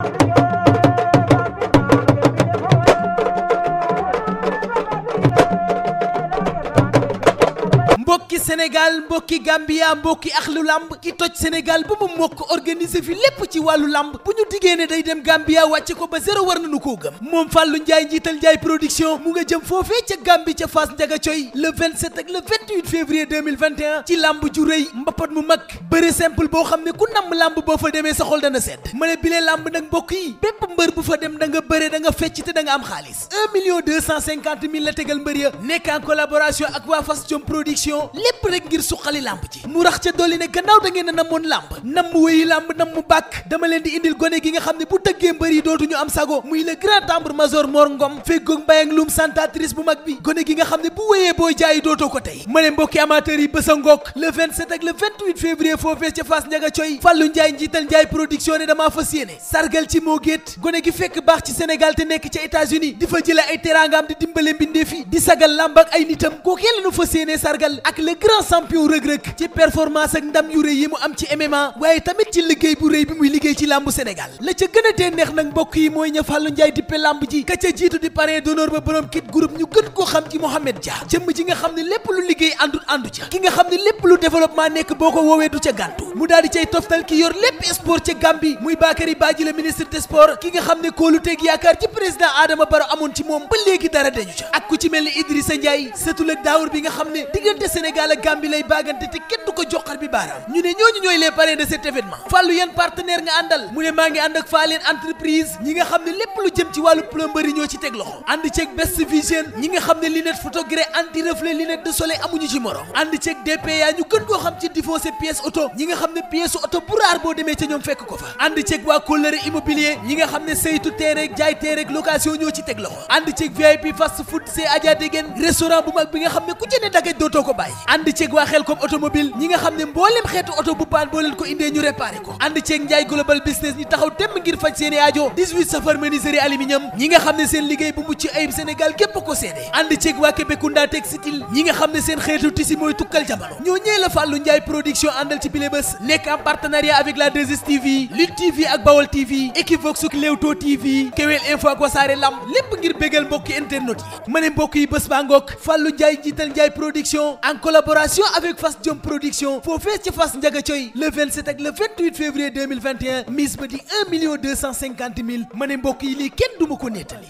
Thank you. Sénégal mbokki Gambia mbokki ax lu làmb ki toj Sénégal ba mu mokk organiser fi lépp ci wàllu làmb bu ñu diggee ne day dem Gambia wàcce ko ba zéro war nañu ko gëm moom Fallou Ndiaye njiital Ndiaye production mu nga jëm foofee ca Gambie ca Fass Ndiaga Coy le 27 ak le 28 février 2021 ci lamb ju rëy mbapat mu mag bëre simple boo xam ne ku namm làmb boo fa demee sa xol dana sedd ma ne bile làmb nag mbokk yi bépp mbër bu fa dem da nga bëre da nga fecc te da am xaalis 1 million 250 mille la tegal mbër nekk en collaboration ak waa Fass Jom production lépp rek ngir suqali làmb ji mu rax ca dolli ne gannaaw da ngeen a namoon làmb namm wéyi làmb namm bàkk dama leen di indil gone gi nga xam ne bu tëggee mbër yi dootuñu am sago muy le grand tambour major Mor Ngom feggoog mbayang lum santatrice bu mag bi gone gi nga xam ne bu wéyee booy jaayi dootoo ko tey ma ne mbokki amateurs yi bés a ngook le 27 ak le 28 février foofee ca Fass Ndiaga Coy Fallou Ndiaye njiital Ndiaye production ne damaa fas yéene sargal ci moo géet gone gi fekk baax ci nekk ca états fa jële ay teraangaam di dimbale mbindee fi sagal làmb ak ay nitam kookee lañu fas yéene sargal ak le grand champion rëg-rëg ci performance ak ndam yu rëy yi mu am ci MMA waaye tamit ci liggéey bu rëy bi muy liggéey ci làmbu Sénégal la ca gën a tee neex nag mbokk yi mooy ña Fallou Ndiaye dippe làmb ji ka ca jiitu di parrain d'honneur ba borom kit groupe ñu gën koo xam ci Mohamed Dia jëmm ji nga xam ne lépp lu liggéey àndul àndu ca ki nga xam ne lépp lu développement nekk boo ko woowee du ca gàntu mu daal di toftal ki yor lépp sport ca Gambie muy Bakary Badji Gambie lay baagante te kenn du ko joxar bi baaraam ñu ne ñooñu ñooy les parrains de cet fàllu yan partenaire nga àndal mu ne maa ngi ànd ak faa leen entreprise ñi nga xam ne lépp lu jëm ci wàllu plomberie ñoo ci teg loxo ànd ceeg Best Vision ñi nga xam ne lunette photogré anti reflet de soleil amuñu ci morom ànd ceeg DPA ñu gën koo xam ci défoncé pièce auto ñi nga xam ne pièce auto bu raar boo demee ca ñoom fekk ko fa ànd ceeg waa Kóllëre immobilier ànd ceeg waa ko automobile ñi nga xam ne mbooleem xeetu oto bu paan boo leen ko indee ñu réparé ko ànd ceeg Njaay global business ñi taxaw temm ngir faj seen i aajo 18 safar menuiserie aluminium ñi nga xam ne seen liggéey bu mucc ayib Sénégal gépp ko seede ànd ceeg waa Kébécounda textile ñi nga xam ne seen xeetu tisi mooy tukkal jamono ñoo ñëe la Fàllu Njaay production àndal ci bile bés nekk en partenariat avec la 2STV Lutte TV ak Bawol TV Equivox ak Leewtoo TV yi ma ne mbokk yi bés baa ngoog Fàllu Njaay jiital Njaay collaboration avec Fass Jom production foofee ci Fass Ndiaga Coy le 27 ak le 28 février 2021 mise ba di 1 million 250 mille ma ne mbokk yi lii kenn du ma ko nettali